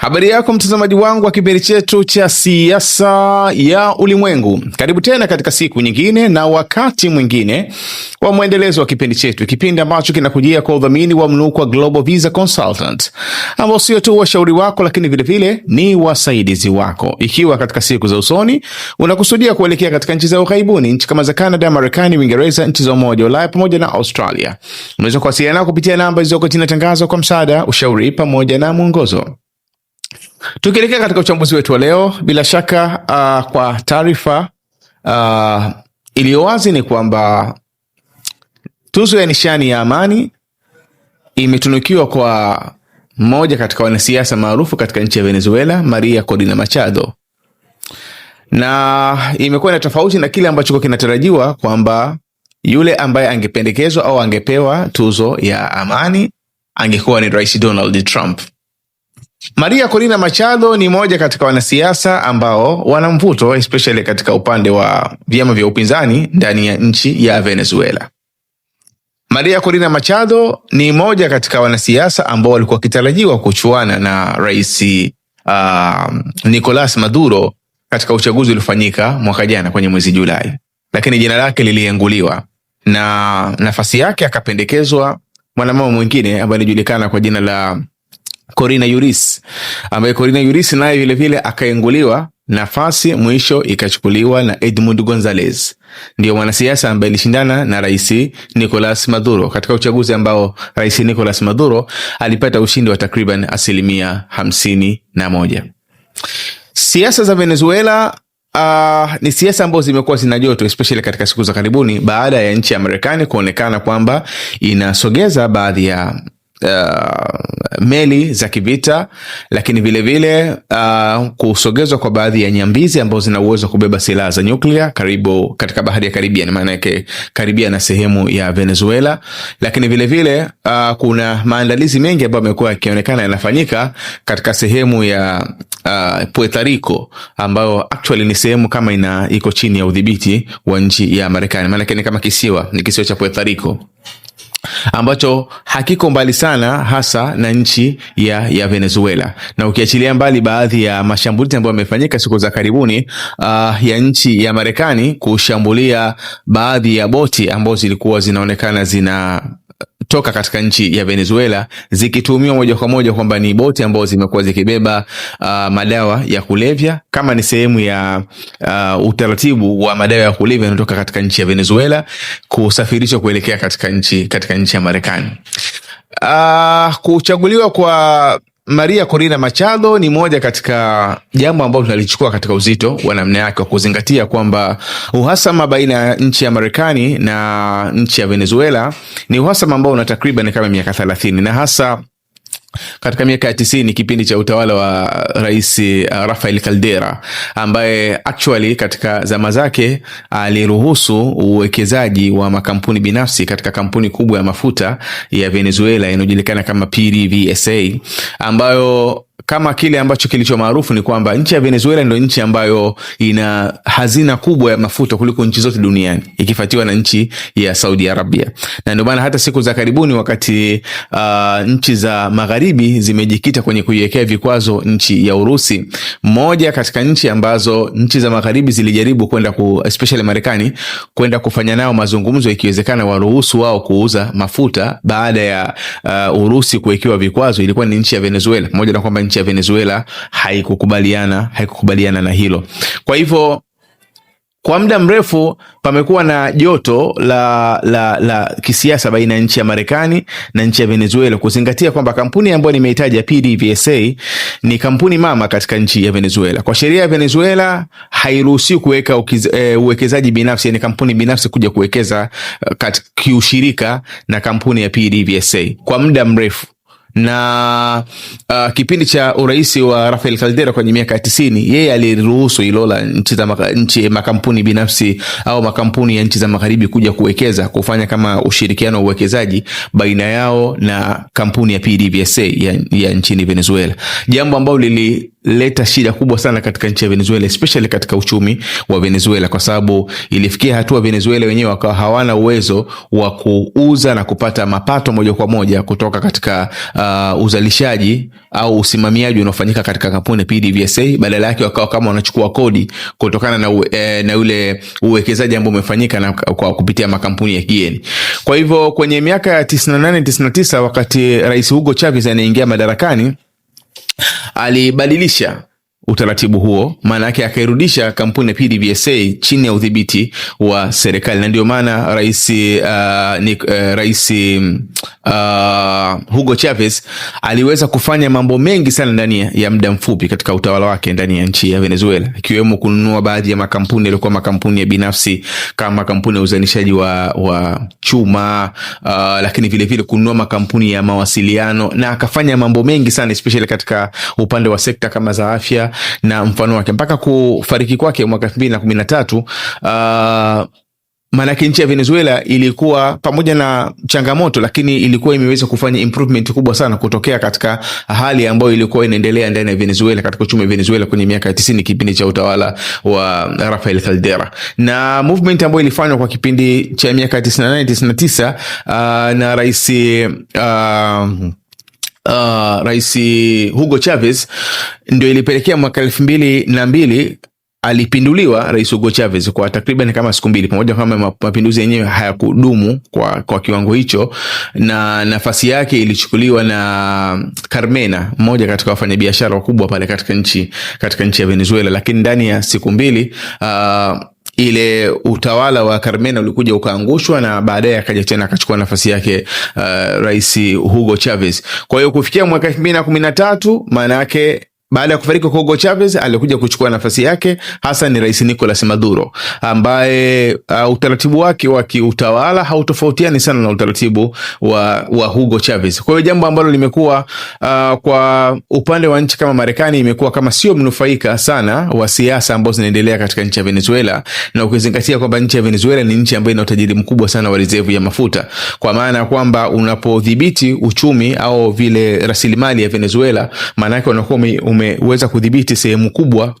Habari yako mtazamaji wangu wa kipindi chetu cha siasa ya ulimwengu, karibu tena katika siku nyingine na wakati mwingine wa mwendelezo wa kipindi chetu, kipindi ambacho kinakujia kwa udhamini wa mnuko wa Global Visa Consultant, ambao sio tu washauri wako, lakini vilevile ni wasaidizi wako. Ikiwa katika siku za usoni unakusudia kuelekea katika nchi za ughaibuni, nchi kama za Canada, Marekani, Uingereza, nchi za Umoja wa Ulaya pamoja na Australia, unaweza kuwasiliana kupitia namba zilizoko chini ya tangazo kwa msaada, ushauri pamoja na mwongozo. Tukielekea katika uchambuzi wetu wa leo, bila shaka uh, kwa taarifa uh, iliyo wazi ni kwamba tuzo ya nishani ya amani imetunukiwa kwa mmoja katika wanasiasa maarufu katika nchi ya Venezuela, Maria Corina Machado, na imekuwa na tofauti na kile ambacho kinatarajiwa kwamba yule ambaye angependekezwa au angepewa tuzo ya amani angekuwa ni Rais Donald Trump. Maria Corina Machado ni moja katika wanasiasa ambao wana mvuto especially katika upande wa vyama vya upinzani ndani ya nchi ya Venezuela. Maria Corina Machado ni moja katika wanasiasa ambao walikuwa wakitarajiwa kuchuana na Rais uh, Nicolas Maduro katika uchaguzi uliofanyika mwaka jana kwenye mwezi Julai, lakini jina lake lilienguliwa na nafasi yake akapendekezwa mwanamama mwingine ambaye anajulikana kwa jina la Corina Yuris, ambaye Corina Yuris naye vilevile akaenguliwa nafasi mwisho ikachukuliwa na Edmund Gonzalez, ndiyo mwanasiasa ambaye alishindana na Rais Nicolas Maduro katika uchaguzi ambao Rais Nicolas Maduro alipata ushindi wa takriban asilimia hamsini na moja. Siasa za Venezuela Uh, ni siasa ambazo zimekuwa zina joto especially katika siku za karibuni baada ya nchi ya Marekani kuonekana kwamba inasogeza baadhi ya uh, meli za kivita, lakini vilevile vile, uh, kusogezwa kwa baadhi ya nyambizi ambazo zina uwezo kubeba silaha za nyuklia karibu katika bahari ya Karibia, ni maana yake karibia na sehemu ya Venezuela. Lakini vilevile vile, uh, kuna maandalizi mengi ambayo amekuwa yakionekana yanafanyika katika sehemu ya Uh, Puerto ambayo actually ni sehemu kama ina iko chini ya udhibiti wa nchi ya Marekani, maanake ni kama kisiwa, ni kisiwa cha Puerto ambacho hakiko mbali sana hasa na nchi ya, ya Venezuela, na ukiachilia mbali baadhi ya mashambulizi ambayo yamefanyika siku za karibuni uh, ya nchi ya Marekani kushambulia baadhi ya boti ambazo zilikuwa zinaonekana zina toka katika nchi ya Venezuela zikitumiwa moja kwa moja kwamba ni boti ambazo zimekuwa zikibeba uh, madawa ya kulevya kama ni sehemu ya uh, utaratibu wa madawa ya kulevya yanayotoka katika nchi ya Venezuela kusafirishwa kuelekea katika nchi katika nchi ya Marekani. Uh, kuchaguliwa kwa Maria Corina Machado ni moja katika jambo ambalo tunalichukua katika uzito wa namna yake, wa kuzingatia kwamba uhasama baina ya nchi ya Marekani na nchi ya Venezuela ni uhasama ambao una takriban kama miaka thelathini na hasa katika miaka ya tisini kipindi cha utawala wa rais uh, Rafael Caldera ambaye actually katika zama zake aliruhusu uwekezaji wa makampuni binafsi katika kampuni kubwa ya mafuta ya Venezuela inayojulikana kama PDVSA ambayo kama kile ambacho kilicho maarufu ni kwamba nchi ya Venezuela ndio nchi ambayo ina hazina kubwa ya mafuta kuliko nchi zote duniani ikifuatiwa na nchi ya Saudi Arabia, na ndio maana hata siku za karibuni wakati uh, nchi za magharibi zimejikita kwenye kuiwekea vikwazo nchi ya Urusi, moja katika nchi ambazo nchi za magharibi zilijaribu kwenda ku, especially Marekani kwenda kufanya nao mazungumzo, ikiwezekana waruhusu wao kuuza mafuta baada ya uh, Urusi kuwekewa vikwazo, ilikuwa ni nchi ya Venezuela, pamoja na kwamba nchi ya Venezuela haikukubaliana haikukubaliana na hilo. Kwa hivyo kwa muda mrefu pamekuwa na joto la, la, la kisiasa baina ya nchi ya Marekani na nchi ya Venezuela, kuzingatia kwamba kampuni ambayo nimeitaja PDVSA ni kampuni mama katika nchi ya Venezuela. Kwa sheria ya Venezuela hairuhusiwi kuweka e, uwekezaji binafsi, yani kampuni binafsi kuja kuwekeza e, kiushirika na kampuni ya PDVSA kwa muda mrefu na uh, kipindi cha urais wa Rafael Caldera kwenye miaka ya tisini, yeye aliruhusu hilo la nchi za maka, nchi makampuni binafsi au makampuni ya nchi za magharibi kuja kuwekeza kufanya kama ushirikiano wa uwekezaji baina yao na kampuni ya PDVSA ya, ya nchini Venezuela, jambo ambalo lili leta shida kubwa sana katika nchi ya Venezuela, especially katika uchumi wa Venezuela, kwa sababu ilifikia hatua Venezuela wenyewe wakawa hawana uwezo wa kuuza na kupata mapato moja kwa moja kutoka katika uh, uzalishaji au usimamiaji unaofanyika katika kampuni PDVSA. Badala yake wakawa kama wanachukua kodi kutokana na, eh, na ule uwekezaji ambao umefanyika na kwa kupitia makampuni ya kigeni. Kwa hivyo kwenye miaka ya 98 99 wakati Rais Hugo Chavez anaingia madarakani alibadilisha utaratibu huo, maana yake akairudisha kampuni ya PDVSA chini ya udhibiti wa serikali, na ndio maana rais uh, uh, rais uh, Hugo Chavez aliweza kufanya mambo mengi sana ndani ya muda mfupi katika utawala wake ndani ya nchi ya Venezuela, ikiwemo kununua baadhi ya makampuni yaliokuwa makampuni ya binafsi kama makampuni ya uzalishaji wa, wa chuma uh, lakini vilevile kununua makampuni ya mawasiliano na akafanya mambo mengi sana especially katika upande wa sekta kama za afya na mfano wake mpaka kufariki kwake mwaka elfu mbili na kumi na tatu uh, Maanake nchi ya Venezuela ilikuwa pamoja na changamoto, lakini ilikuwa imeweza kufanya improvement kubwa sana kutokea katika hali ambayo ilikuwa inaendelea ndani ya Venezuela, katika uchumi wa Venezuela kwenye miaka ya tisini, kipindi cha utawala wa Rafael Caldera, na movement ambayo ilifanywa kwa kipindi cha miaka tisina tisa uh, na rais uh, Uh, Rais Hugo Chavez ndio ilipelekea mwaka elfu mbili na mbili alipinduliwa Rais Hugo Chavez kwa takriban kama siku mbili, pamoja kama mapinduzi yenyewe hayakudumu kwa, kwa kiwango hicho, na nafasi yake ilichukuliwa na Carmena, mmoja katika wafanyabiashara wakubwa pale katika nchi, katika nchi ya Venezuela. Lakini ndani ya siku mbili uh, ile utawala wa Carmena ulikuja ukaangushwa na baadaye akaja tena akachukua nafasi yake uh, Rais Hugo Chavez. Kwa hiyo kufikia mwaka elfu mbili na kumi na tatu maana yake baada ya kufariki kwa Hugo Chavez, alikuja kuchukua nafasi yake hasa ni Rais Nicolas Maduro ambaye uh, utaratibu wake wa kiutawala hautofautiani sana na utaratibu wa, wa Hugo Chavez. Kwa hiyo jambo ambalo limekuwa uh, kwa upande wa nchi kama Marekani imekuwa kama sio mnufaika sana wa siasa ambazo zinaendelea katika nchi ya Venezuela, na ukizingatia kwamba nchi ya Venezuela ni nchi ambayo ina utajiri mkubwa sana wa rizevu ya mafuta, kwa maana ya kwamba unapodhibiti uchumi au vile rasilimali ya Venezuela, maanake unakuwa umeweza kudhibiti sehemu kubwa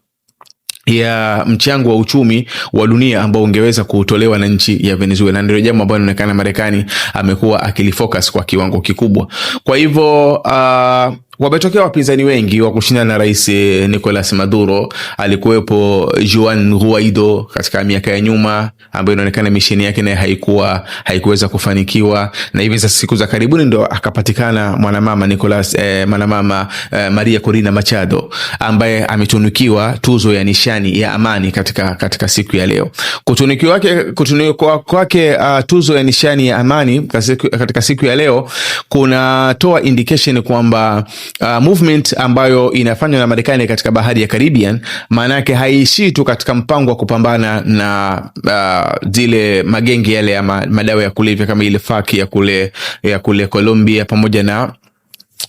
ya mchango wa uchumi wa dunia ambao ungeweza kutolewa na nchi ya Venezuela. Ndio jambo ambalo inaonekana Marekani amekuwa akilifocus kwa kiwango kikubwa. Kwa hivyo uh, Wametokea wapinzani wengi wa kushindana na Rais eh, Nicolas Maduro. Alikuwepo Juan Guaido katika miaka ya nyuma, ambayo inaonekana misheni yake naye haikuwa haikuweza kufanikiwa, na hivi sasa siku za karibuni ndo akapatikana mwanamama Nicolas, eh, mwanamama eh, Maria Corina Machado ambaye ametunukiwa tuzo ya nishani ya amani katika, katika siku ya leo. Kutunikiwa kwake kutunikiwa kwake uh, tuzo ya nishani ya amani katika siku ya leo kunatoa indication kwamba uh, movement ambayo inafanywa na Marekani katika bahari ya Caribbean, maana yake haiishii tu katika mpango wa kupambana na uh, zile magenge yale ya madawa ya kulevya kama ile faki ya kule, ya kule Colombia pamoja na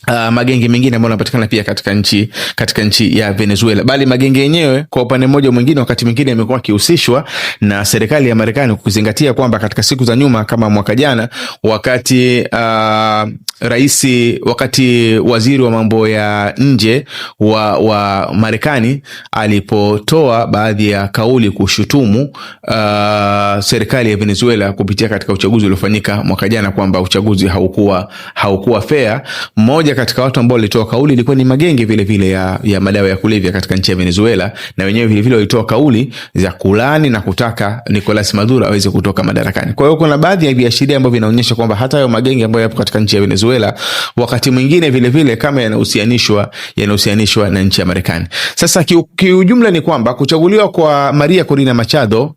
Uh, magenge mengine ambayo yanapatikana pia katika nchi katika nchi ya Venezuela, bali magenge yenyewe kwa upande mmoja mwingine, wakati mwingine yamekuwa akihusishwa na serikali ya Marekani, kuzingatia kwamba katika siku za nyuma kama mwaka jana, wakati uh, rais wakati waziri wa mambo ya nje wa, wa Marekani alipotoa baadhi ya kauli kushutumu uh, serikali ya Venezuela kupitia katika uchaguzi uliofanyika mwaka jana kwamba uchaguzi haukuwa haukuwa fair. Mmoja katika watu ambao walitoa kauli ilikuwa ni magenge vile vile ya, ya madawa ya kulevya katika nchi ya Venezuela, na wenyewe vile vile walitoa kauli za kulani na kutaka Nicolas Maduro aweze kutoka madarakani. Kwa hiyo kuna baadhi ya viashiria ambavyo vinaonyesha kwamba hata hayo magenge ambayo yapo katika nchi ya Venezuela Venezuela, wakati mwingine vilevile kama yanahusianishwa yanahusianishwa na nchi ya Marekani. Sasa kiujumla ni kwamba kuchaguliwa kwa Maria Corina Machado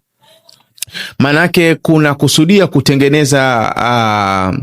maanake kuna kusudia kutengeneza uh,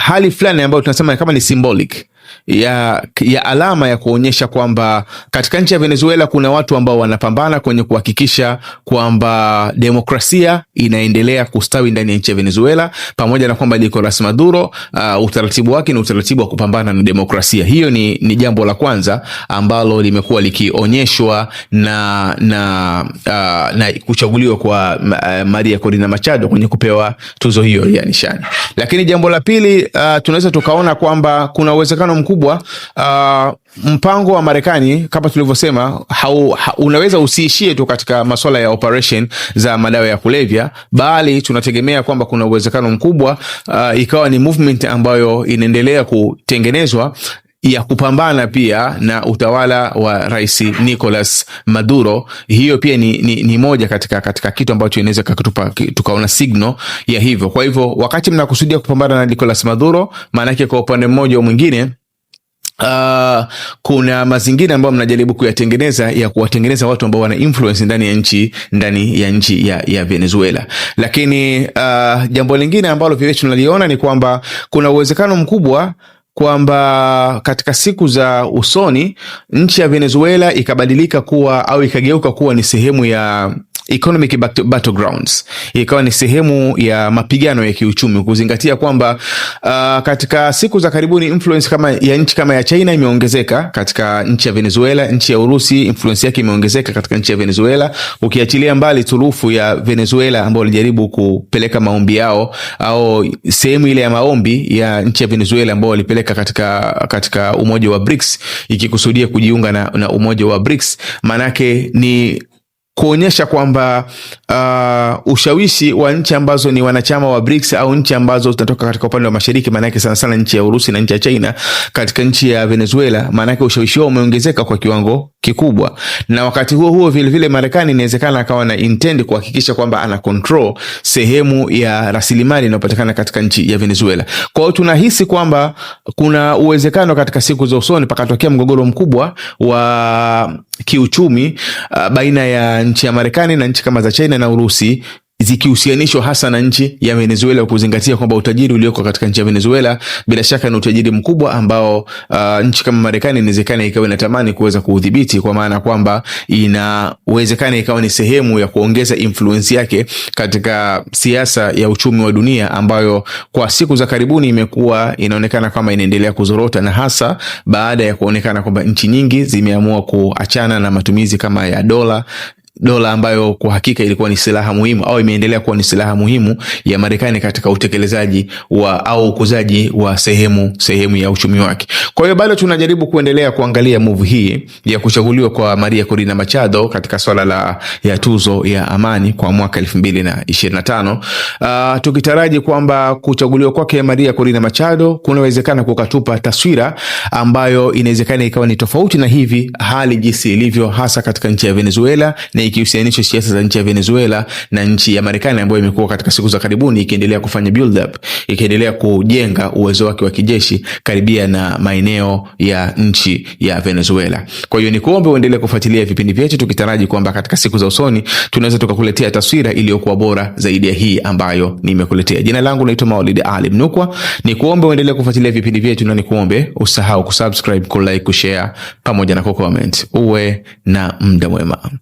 hali fulani ambayo tunasema kama ni symbolic ya, ya alama ya kuonyesha kwamba katika nchi ya Venezuela kuna watu ambao wanapambana kwenye kuhakikisha kwamba demokrasia inaendelea kustawi ndani ya nchi ya Venezuela, pamoja na kwamba Nicolas Maduro uh, utaratibu wake ni utaratibu wa kupambana na demokrasia. Hiyo ni, ni jambo la kwanza ambalo limekuwa likionyeshwa na, na, uh, na kuchaguliwa kwa uh, Maria Corina Machado kwenye kupewa tuzo hiyo ya nishani. Lakini jambo la pili uh, tunaweza tukaona kwamba kuna uwezekano mkubwa uh, mpango wa Marekani kama tulivyosema, ha, unaweza usiishie tu katika masuala ya operation za madawa ya kulevya, bali tunategemea kwamba kuna uwezekano mkubwa uh, ikawa ni movement ambayo inaendelea kutengenezwa ya kupambana pia na utawala wa Rais Nicolas Maduro. Hiyo pia ni, ni, ni moja katika, katika kitu ambacho inaweza tukaona signal ya hivyo. Kwa hivyo wakati mnakusudia kupambana na Nicolas Maduro, maanake kwa upande mmoja au mwingine Uh, kuna mazingira ambayo mnajaribu kuyatengeneza ya kuwatengeneza watu ambao wana influence ndani ya nchi ndani ya nchi ya, ya Venezuela. Lakini uh, jambo lingine ambalo vile tunaliona ni kwamba kuna uwezekano mkubwa kwamba katika siku za usoni nchi ya Venezuela ikabadilika kuwa au ikageuka kuwa ni sehemu ya economic battlegrounds, ikawa ni sehemu ya mapigano ya kiuchumi, kuzingatia kwamba uh, katika siku za karibuni influence kama ya nchi kama ya China imeongezeka katika nchi ya Venezuela. Nchi ya Urusi influence yake imeongezeka katika nchi ya Venezuela, ukiachilia mbali turufu ya Venezuela ambao walijaribu kupeleka maombi yao au sehemu ile ya maombi ya nchi ya Venezuela ambao walipeleka katika, katika umoja wa BRICS ikikusudia kujiunga na, na umoja wa BRICS, maanake ni kuonyesha kwamba uh, ushawishi wa nchi ambazo ni wanachama wa BRICS au nchi ambazo zinatoka katika upande wa mashariki, maanake sana sana nchi ya Urusi na nchi ya China katika nchi ya Venezuela, maanake ushawishi wao umeongezeka kwa kiwango kikubwa. Na wakati huo huo vilevile, Marekani inawezekana akawa na intend kuhakikisha kwamba ana control sehemu ya rasilimali inayopatikana katika nchi ya Venezuela. Kwa hiyo tunahisi kwamba kuna uwezekano katika siku za usoni pakatokea mgogoro mkubwa wa kiuchumi uh, baina ya nchi ya Marekani na nchi kama za China na Urusi zikihusianishwa hasa na nchi ya Venezuela, kuzingatia kwamba utajiri ulioko katika nchi ya Venezuela bila shaka ni utajiri mkubwa ambao uh, nchi kama Marekani inawezekana ikawa inatamani kuweza kuudhibiti, kwa maana kwamba inawezekana ikawa ni sehemu ya kuongeza influence yake katika siasa ya uchumi wa dunia, ambayo kwa siku za karibuni imekuwa inaonekana kama inaendelea kuzorota, na hasa baada ya kuonekana kwamba nchi nyingi zimeamua kuachana na matumizi kama ya dola dola ambayo kwa hakika ilikuwa ni silaha muhimu au imeendelea kuwa ni silaha muhimu ya Marekani katika utekelezaji wa au ukuzaji wa sehemu sehemu ya uchumi wake. Kwa hiyo bado tunajaribu kuendelea kuangalia move hii ya kuchaguliwa kwa Maria Corina Machado katika swala la ya tuzo ya amani kwa mwaka 2025. Uh, ah, tukitaraji kwamba kuchaguliwa kwake Maria Corina Machado kunawezekana kukatupa taswira ambayo inawezekana ikawa ni tofauti na hivi hali jinsi ilivyo hasa katika nchi ya Venezuela na ikihusianisha siasa za nchi ya Venezuela na nchi ya Marekani ambayo imekuwa katika siku za karibuni ikiendelea kufanya build up, ikiendelea kujenga uwezo wake wa kijeshi karibia na maeneo ya nchi ya Venezuela. Kwa hiyo ni kuombe uendelee kufuatilia vipindi vyetu tukitaraji kwamba katika siku za usoni tunaweza tukakuletea taswira iliyokuwa bora zaidi ya hii ambayo nimekuletea. Jina langu naitwa Maulid Ali Mnukwa. Ni kuombe uendelee kufuatilia vipindi vyetu na ni kuombe usahau kusubscribe, kulike, kushare pamoja na kucomment. Uwe na muda mwema.